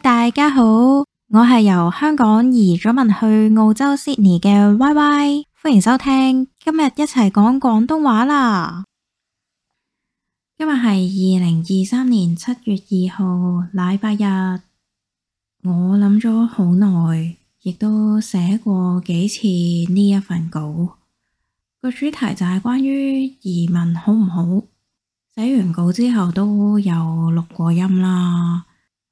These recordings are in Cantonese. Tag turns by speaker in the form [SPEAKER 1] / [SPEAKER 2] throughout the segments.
[SPEAKER 1] 大家好，我係由香港移咗民去澳洲悉尼嘅 YY，歡迎收聽今日一齊講廣東話啦。今日係二零二三年七月二號禮拜日，我諗咗好耐，亦都寫過幾次呢一份稿。個主題就係關於移民好唔好。寫完稿之後都有錄過音啦。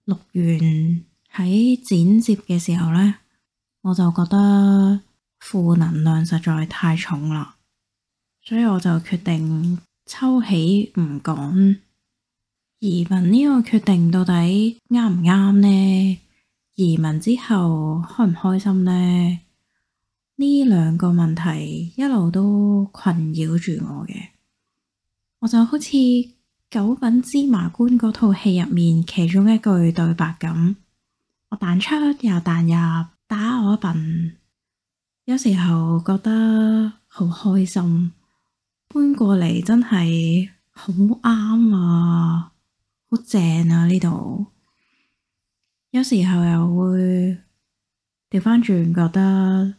[SPEAKER 1] 錄完喺剪接嘅時候呢，我就覺得負能量實在太重啦，所以我就決定抽起唔講。移民呢個決定到底啱唔啱呢？移民之後開唔開心呢？呢兩個問題一路都困擾住我嘅，我就好似～九品芝麻官嗰套戲入面，其中一句對白咁：我彈出又彈入，打我呀笨。有時候覺得好開心，搬過嚟真係好啱啊，好正啊呢度。有時候又會調翻轉，覺得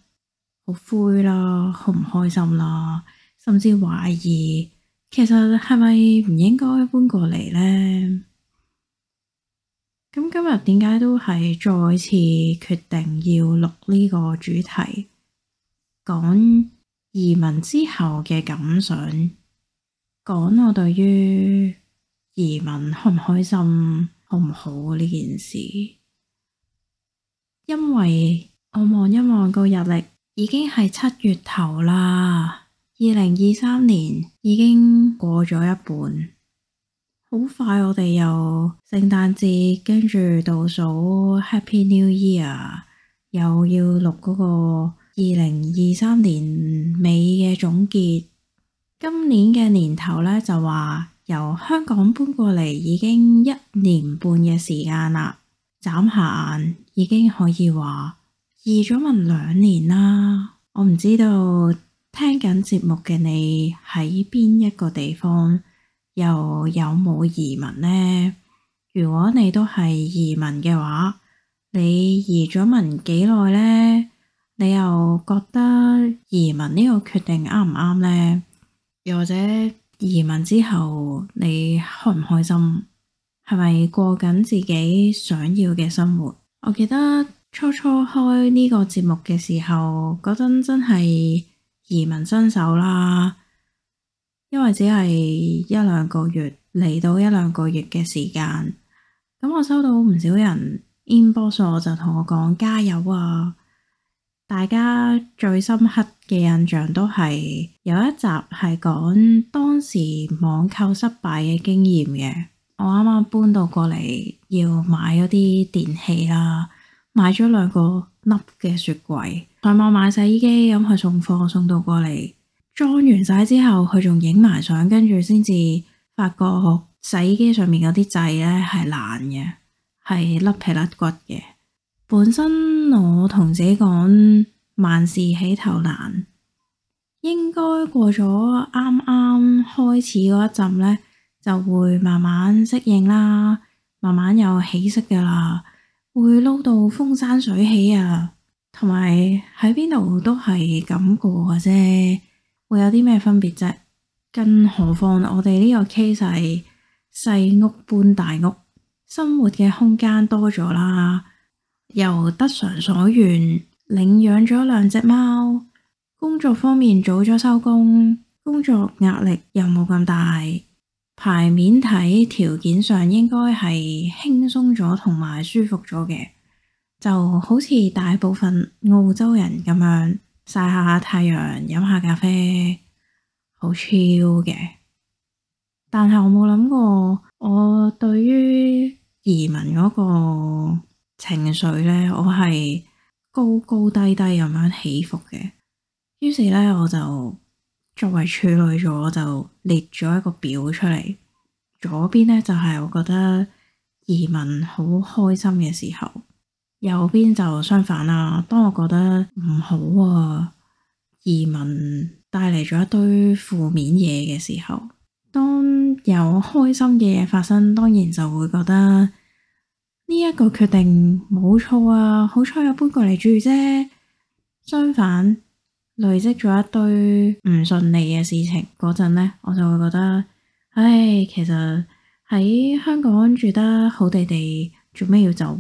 [SPEAKER 1] 好灰啦、啊，好唔開心啦、啊，甚至懷疑。其實係咪唔應該搬過嚟呢？咁今日點解都係再次決定要錄呢個主題，講移民之後嘅感想，講我對於移民開唔開心、好唔好呢件事？因為我望一望個日曆，已經係七月頭喇。二零二三年已經過咗一半，好快我，我哋又聖誕節，跟住倒數 Happy New Year，又要錄嗰個二零二三年尾嘅總結。今年嘅年頭呢，就話由香港搬過嚟，已經一年半嘅時間啦，眨下眼已經可以話移咗民兩年啦。我唔知道。聽緊節目嘅你喺邊一個地方，又有冇移民呢？如果你都係移民嘅話，你移咗民幾耐呢？你又覺得移民呢個決定啱唔啱呢？又或者移民之後你開唔開心？係咪過緊自己想要嘅生活？我記得初初開呢個節目嘅時候，嗰陣真係。移民新手啦，因為只係一兩個月嚟到一兩個月嘅時間，咁我收到唔少人 inbox 我，就同我講加油啊！大家最深刻嘅印象都係有一集係講當時網購失敗嘅經驗嘅。我啱啱搬到過嚟要買一啲電器啦。買咗兩個粒嘅雪櫃，上網買洗衣機，咁佢送貨送到過嚟，裝完晒之後，佢仲影埋相，跟住先至發覺洗衣機上面嗰啲掣呢係爛嘅，係甩皮甩骨嘅。本身我同自己講，萬事起頭，難，應該過咗啱啱開始嗰一陣呢，就會慢慢適應啦，慢慢有起色噶啦。會撈到風生水起啊，同埋喺邊度都係咁過嘅啫，會有啲咩分別啫？更何況我哋呢個 case 係細屋搬大屋，生活嘅空間多咗啦，又得償所願，領養咗兩隻貓，工作方面早咗收工，工作壓力又冇咁大。排面睇，條件上應該係輕鬆咗同埋舒服咗嘅，就好似大部分澳洲人咁樣，曬下太陽，飲下咖啡，好 chill 嘅。但係我冇諗過，我對於移民嗰個情緒呢，我係高高低低咁樣起伏嘅。於是呢，我就。作為處女座就列咗一個表出嚟。左邊呢，就係我覺得移民好開心嘅時候，右邊就相反啦。當我覺得唔好啊，移民帶嚟咗一堆負面嘢嘅時候，當有開心嘅嘢發生，當然就會覺得呢一個決定冇錯啊，好彩有搬過嚟住啫。相反。累積咗一堆唔順利嘅事情嗰陣呢，我就會覺得，唉，其實喺香港住得好地地，做咩要走？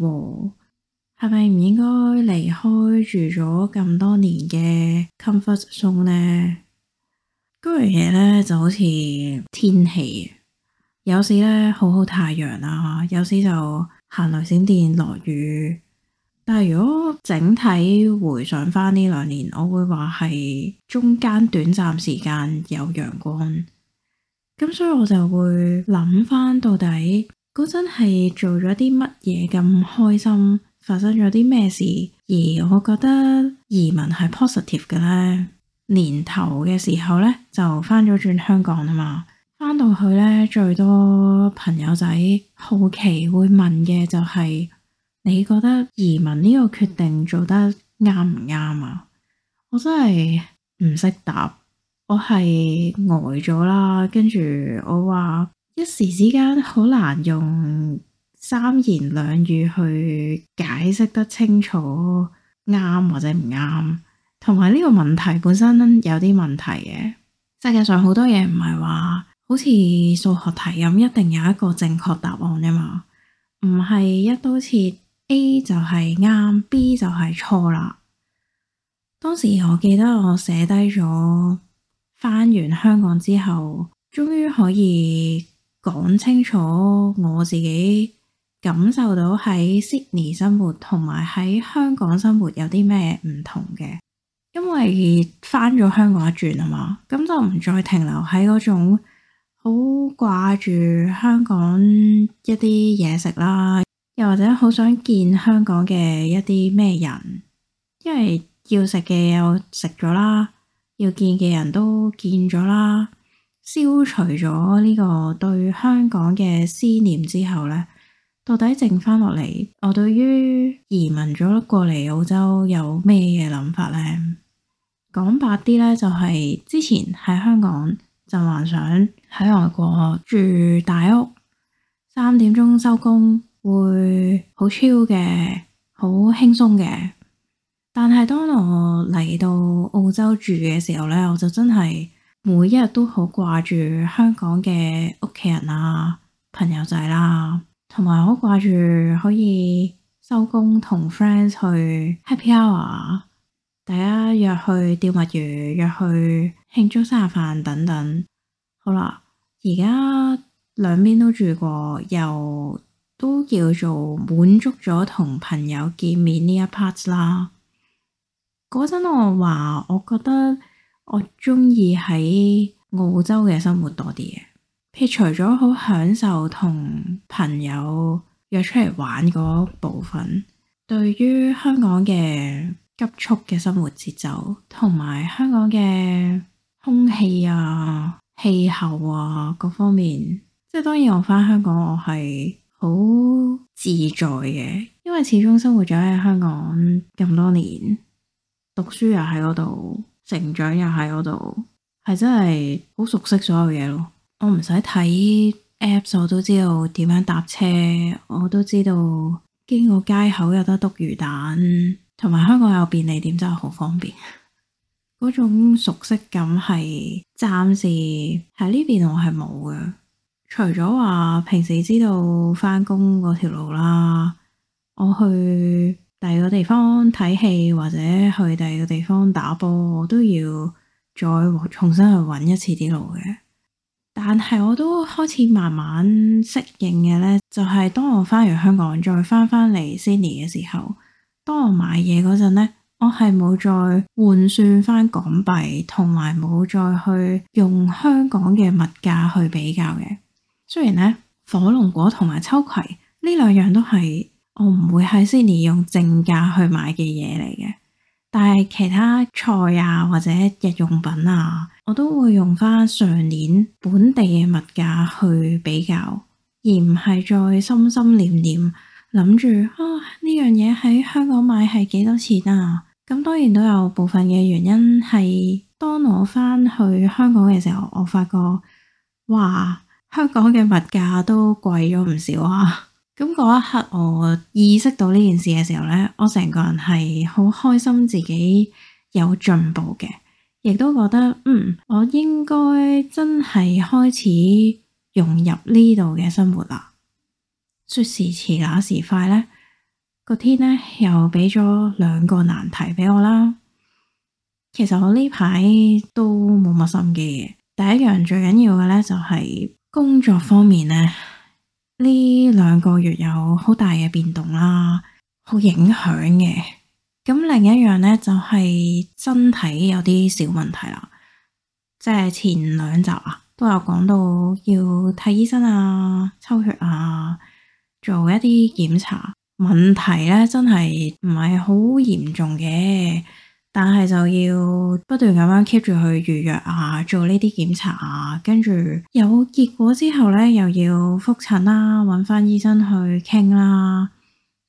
[SPEAKER 1] 係咪唔應該離開住咗咁多年嘅 comfort zone 呢？嗰樣嘢呢，就好似天氣，有時呢，好好太陽啦，有時就行雷閃電落雨。但係如果整體回想翻呢兩年，我會話係中間短暫時間有陽光，咁所以我就會諗翻到底嗰陣係做咗啲乜嘢咁開心，發生咗啲咩事？而我覺得移民係 positive 嘅呢，年頭嘅時候呢就翻咗轉香港啊嘛，翻到去呢，最多朋友仔好奇會問嘅就係。你覺得移民呢個決定做得啱唔啱啊？我真係唔識答，我係呆咗啦。跟住我話，一時之間好難用三言兩語去解釋得清楚啱或者唔啱，同埋呢個問題本身有啲問題嘅。世界上好多嘢唔係話好似數學題咁，一定有一個正確答案吖嘛，唔係一刀切。A 就係啱，B 就係錯啦。當時我記得我寫低咗，返完香港之後，終於可以講清楚我自己感受到喺悉尼生活同埋喺香港生活有啲咩唔同嘅。因為翻咗香港一轉啊嘛，咁就唔再停留喺嗰種好掛住香港一啲嘢食啦。又或者好想見香港嘅一啲咩人，因為要食嘅又食咗啦，要見嘅人都見咗啦，消除咗呢個對香港嘅思念之後呢，到底剩翻落嚟，我對於移民咗過嚟澳洲有咩嘅諗法呢？講白啲呢，就係之前喺香港就幻想喺外國住大屋，三點鐘收工。會好超嘅，好輕鬆嘅。但係當我嚟到澳洲住嘅時候呢，我就真係每一日都好掛住香港嘅屋企人啊、朋友仔啦、啊，同埋好掛住可以收工同 friends 去 happy hour，大家約去釣墨魚、約去慶祝生日飯等等。好啦，而家兩邊都住過，又。都叫做滿足咗同朋友見面呢一 part 啦。嗰陣我話，我覺得我中意喺澳洲嘅生活多啲嘅。撇除咗好享受同朋友約出嚟玩嗰部分，對於香港嘅急促嘅生活節奏，同埋香港嘅空氣啊、氣候啊各方面，即係當然我翻香港，我係。好自在嘅，因為始終生活咗喺香港咁多年，讀書又喺嗰度，成長又喺嗰度，係真係好熟悉所有嘢咯。我唔使睇 apps，我都知道點樣搭車，我都知道經過街口有得篤魚蛋，同埋香港有便利店，真係好方便。嗰 種熟悉感係暫時喺呢邊我係冇嘅。除咗話平時知道返工嗰條路啦，我去第二個地方睇戲或者去第二個地方打波，我都要再重新去揾一次啲路嘅。但係我都開始慢慢適應嘅呢，就係、是、當我返完香港再返返嚟 Sydney 嘅時候，當我買嘢嗰陣呢，我係冇再換算返港幣，同埋冇再去用香港嘅物價去比較嘅。雖然咧，火龍果同埋秋葵呢兩樣都係我唔會喺 Sunny 用正價去買嘅嘢嚟嘅，但係其他菜啊或者日用品啊，我都會用翻上年本地嘅物價去比較，而唔係再心心念念諗住啊呢樣嘢喺香港買係幾多錢啊？咁當然都有部分嘅原因係當我翻去香港嘅時候，我發覺哇～香港嘅物價都貴咗唔少啊！咁嗰一刻我意識到呢件事嘅時候呢，我成個人係好開心自己有進步嘅，亦都覺得嗯，我應該真係開始融入呢度嘅生活啦。說時遲那時快呢，個天呢又俾咗兩個難題俾我啦。其實我呢排都冇乜心機嘅，第一樣最緊要嘅呢，就係，工作方面呢，呢兩個月有好大嘅變動啦，好影響嘅。咁另一樣呢，就係身體有啲小問題啦，即係前兩集啊都有講到要睇醫生啊、抽血啊、做一啲檢查。問題呢，真係唔係好嚴重嘅。但係就要不斷咁樣 keep 住去預約啊，做呢啲檢查啊，跟住有結果之後呢，又要復診啦，搵翻醫生去傾啦，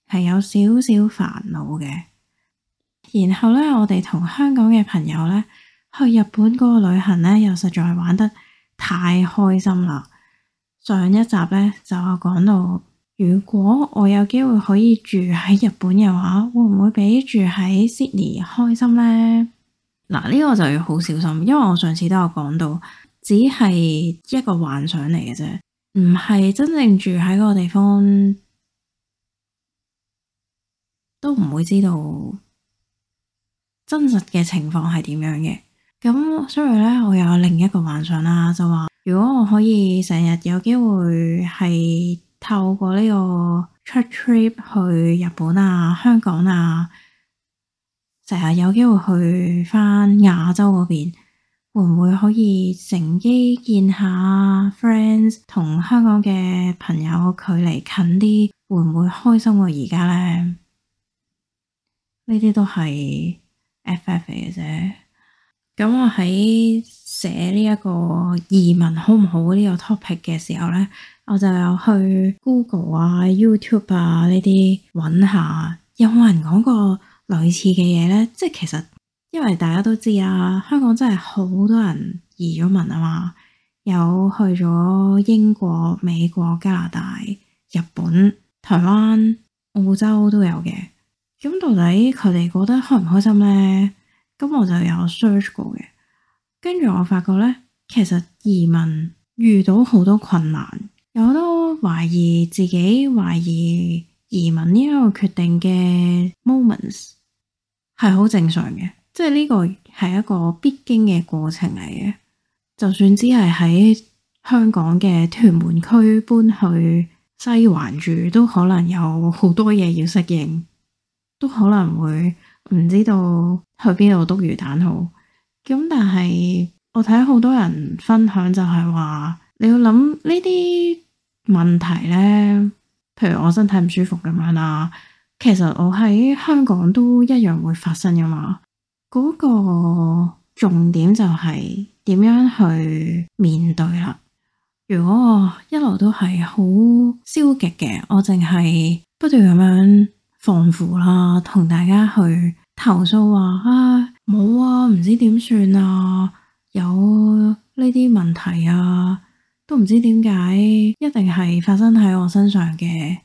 [SPEAKER 1] 係有少少煩惱嘅。然後呢，我哋同香港嘅朋友呢去日本嗰個旅行呢，又實在玩得太開心啦。上一集呢，就講到。如果我有機會可以住喺日本嘅話，會唔會比住喺悉尼開心呢？嗱，呢個就要好小心，因為我上次都有講到，只係一個幻想嚟嘅啫，唔係真正住喺嗰個地方都唔會知道真實嘅情況係點樣嘅。咁所以咧，我有另一個幻想啦，就話如果我可以成日有機會係。透過呢個出 trip 去日本啊、香港啊，成日有機會去翻亞洲嗰邊，會唔會可以乘機見下 friends，同香港嘅朋友距離近啲，會唔會開心過而家呢？呢啲都係 FF 嚟嘅啫。咁我喺寫呢一個移民好唔好呢個 topic 嘅時候呢，我就有去 Google 啊、YouTube 啊呢啲揾下，有冇人講過類似嘅嘢呢？即係其實，因為大家都知啊，香港真係好多人移咗民啊嘛，有去咗英國、美國、加拿大、日本、台灣、澳洲都有嘅。咁到底佢哋覺得開唔開心呢？咁我就有 search 過嘅，跟住我發覺呢，其實移民遇到好多困難，有好多懷疑自己，懷疑移民呢一個決定嘅 moments 係好正常嘅，即係呢個係一個必經嘅過程嚟嘅。就算只係喺香港嘅屯門區搬去西環住，都可能有好多嘢要適應，都可能會唔知道。去邊度篤魚蛋好？咁但係我睇好多人分享就係話，你要諗呢啲問題呢，譬如我身體唔舒服咁樣啦，其實我喺香港都一樣會發生噶嘛。嗰個重點就係點樣去面對啦。如果我一路都係好消極嘅，我淨係不斷咁樣放負啦，同大家去投訴話、哎、啊，冇啊，唔知點算啊，有呢啲問題啊，都唔知點解，一定係發生喺我身上嘅，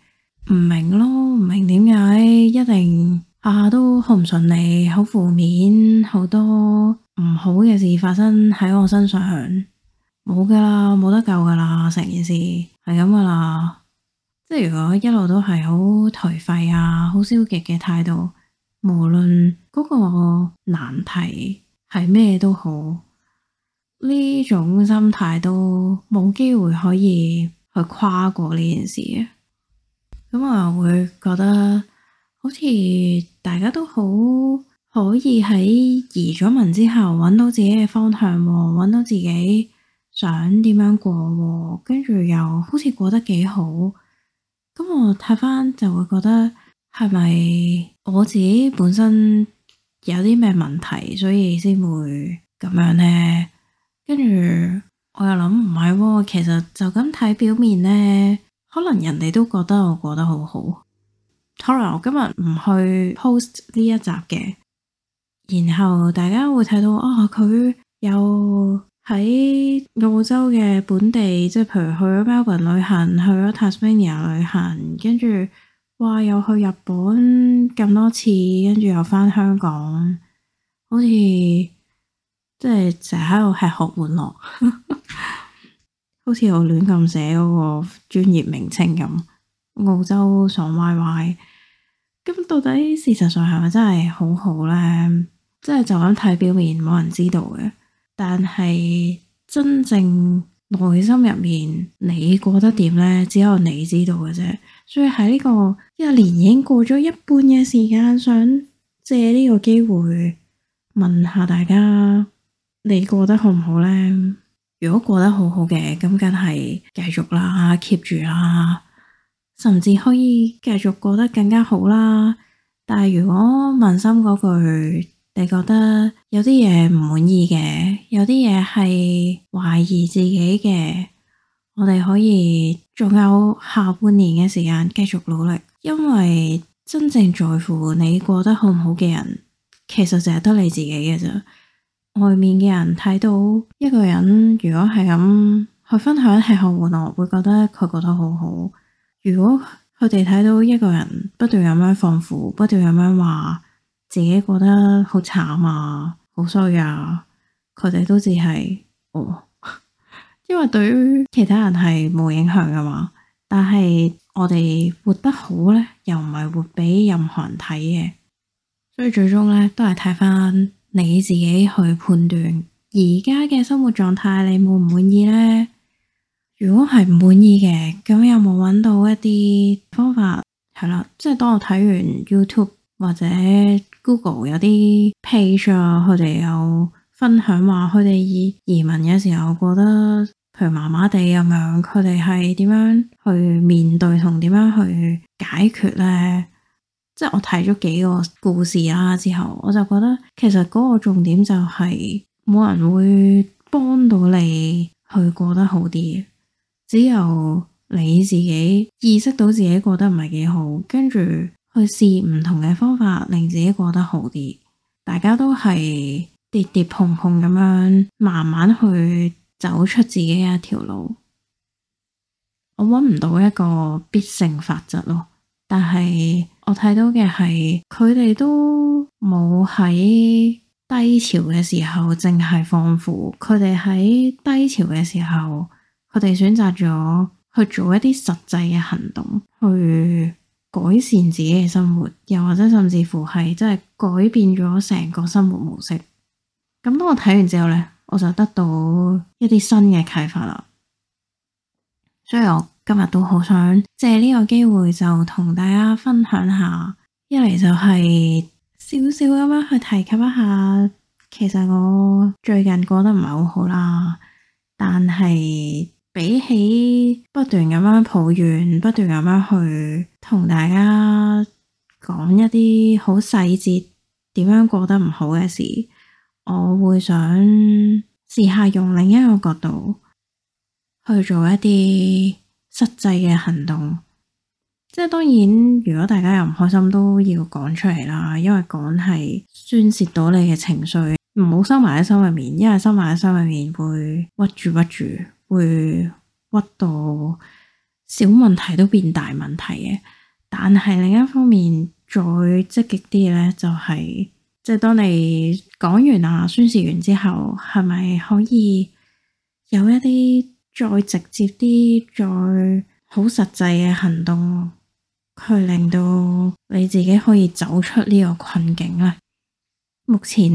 [SPEAKER 1] 唔明咯，唔明點解，一定下下、啊、都好唔順利，好負面，好多唔好嘅事發生喺我身上，冇噶啦，冇得救噶啦，成件事係咁噶啦，即係如果一路都係好頹廢啊，好消極嘅態度。無論嗰個難題係咩都好，呢種心態都冇機會可以去跨過呢件事嘅。咁我又會覺得好似大家都好可以喺移咗民之後，揾到自己嘅方向，揾到自己想點樣過，跟住又好似過得幾好。咁我睇翻就會覺得係咪是我自己本身有啲咩問題，所以先會咁樣呢。跟住我又諗唔係喎，其實就咁睇表面呢，可能人哋都覺得我過得好好。可能我今日唔去 post 呢一集嘅，然後大家會睇到啊，佢、哦、又喺澳洲嘅本地，即係譬如去咗 Melbourne 旅行，去咗 Tasmania 旅行，跟住。哇！又去日本咁多次，跟住又返香港，好似即係成日喺度吃喝玩樂， 好似我亂咁寫嗰個專業名稱咁，澳洲爽歪歪。咁到底事實上係咪真係好好咧？即係就咁睇表面，冇人知道嘅。但係真正。內心入面你過得點呢？只有你知道嘅啫。所以喺呢個一年已經過咗一半嘅時間，想借呢個機會問下大家，你過得好唔好呢？如果過得好好嘅，咁梗係繼續啦，keep 住啦，甚至可以繼續過得更加好啦。但係如果問心嗰句，你覺得有啲嘢唔滿意嘅，有啲嘢係懷疑自己嘅，我哋可以仲有下半年嘅時間繼續努力，因為真正在乎你過得好唔好嘅人，其實就係得你自己嘅咋。外面嘅人睇到一個人，如果係咁去分享吃喝玩樂，會覺得佢過得好好；如果佢哋睇到一個人不斷咁樣放負，不斷咁樣話。自己覺得好慘啊，好衰啊，佢哋都只係哦，因為對於其他人係冇影響噶嘛。但係我哋活得好呢，又唔係活俾任何人睇嘅，所以最終呢，都係睇翻你自己去判斷。而家嘅生活狀態你滿唔滿意呢？如果係唔滿意嘅，咁有冇揾到一啲方法？係啦，即係當我睇完 YouTube 或者。Google 有啲 page 啊，佢哋有分享話，佢哋移民嘅時候覺得譬如麻麻地咁樣，佢哋係點樣去面對同點樣去解決呢？即係我睇咗幾個故事啦之後，我就覺得其實嗰個重點就係、是、冇人會幫到你去過得好啲，只有你自己意識到自己過得唔係幾好，跟住。去試唔同嘅方法，令自己過得好啲。大家都係跌跌碰碰咁樣，慢慢去走出自己嘅一條路。我搵唔到一個必勝法則咯，但係我睇到嘅係，佢哋都冇喺低潮嘅時候淨係放負。佢哋喺低潮嘅時候，佢哋選擇咗去做一啲實際嘅行動去。改善自己嘅生活，又或者甚至乎係真係改變咗成個生活模式。咁當我睇完之後呢，我就得到一啲新嘅啟發啦。所以我今日都好想借呢個機會，就同大家分享下。一嚟就係少少咁樣去提及一下，其實我最近過得唔係好好啦，但係。比起不斷咁樣抱怨，不斷咁樣去同大家講一啲好細節點樣過得唔好嘅事，我會想試下用另一個角度去做一啲實際嘅行動。即係當然，如果大家又唔開心，都要講出嚟啦，因為講係宣洩到你嘅情緒，唔好收埋喺心入面，因為收埋喺心入面會屈住屈住，會屈到小問題都變大問題嘅，但係另一方面再積極啲嘅咧，就係即係當你講完啊宣示完之後，係咪可以有一啲再直接啲、再好實際嘅行動，去令到你自己可以走出呢個困境咧？目前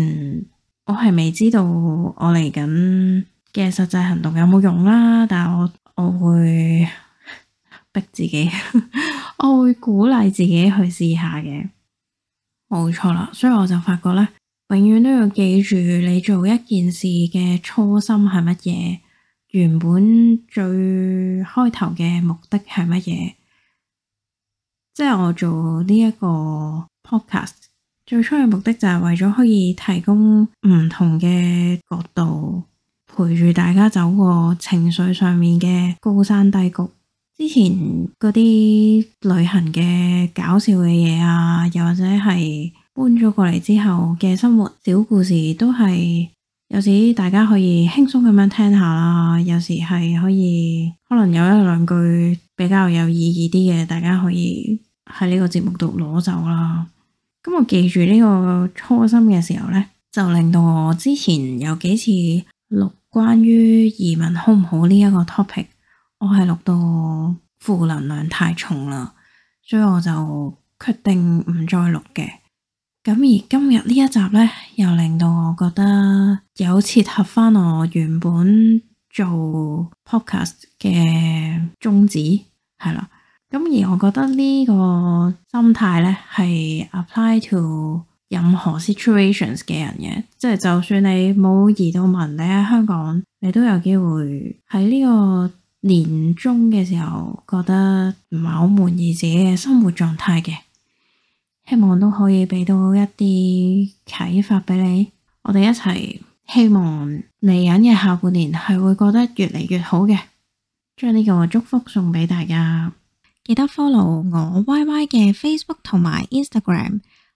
[SPEAKER 1] 我係未知道我嚟緊嘅實際行動有冇用啦？但係我我會逼自己， 我會鼓勵自己去試下嘅。冇錯啦，所以我就發覺咧，永遠都要記住你做一件事嘅初心係乜嘢，原本最開頭嘅目的係乜嘢。即係我做呢一個 Podcast 最初嘅目的就係為咗可以提供唔同嘅角度。陪住大家走過情緒上面嘅高山低谷，之前嗰啲旅行嘅搞笑嘅嘢啊，又或者係搬咗過嚟之後嘅生活小故事，都係有時大家可以輕鬆咁樣聽下啦。有時係可以，可能有一兩句比較有意義啲嘅，大家可以喺呢個節目度攞走啦。咁，嗯，我記住呢個初心嘅時候咧，就令到我之前有幾次錄。關於移民好唔好呢一個 topic，我係錄到負能量太重啦，所以我就決定唔再錄嘅。咁而今日呢一集呢，又令到我覺得有切合翻我原本做 podcast 嘅宗旨，係啦。咁而我覺得呢個心態呢，係 apply to。任何 situations 嘅人嘅，即係就算你冇移到民，你喺香港，你都有機會喺呢個年中嘅時候覺得唔係好滿意自己嘅生活狀態嘅。希望都可以俾到一啲啟發俾你。我哋一齊希望嚟緊嘅下半年係會覺得越嚟越好嘅。將呢個祝福送俾大家，記得 follow 我 Y Y 嘅 Facebook 同埋 Instagram。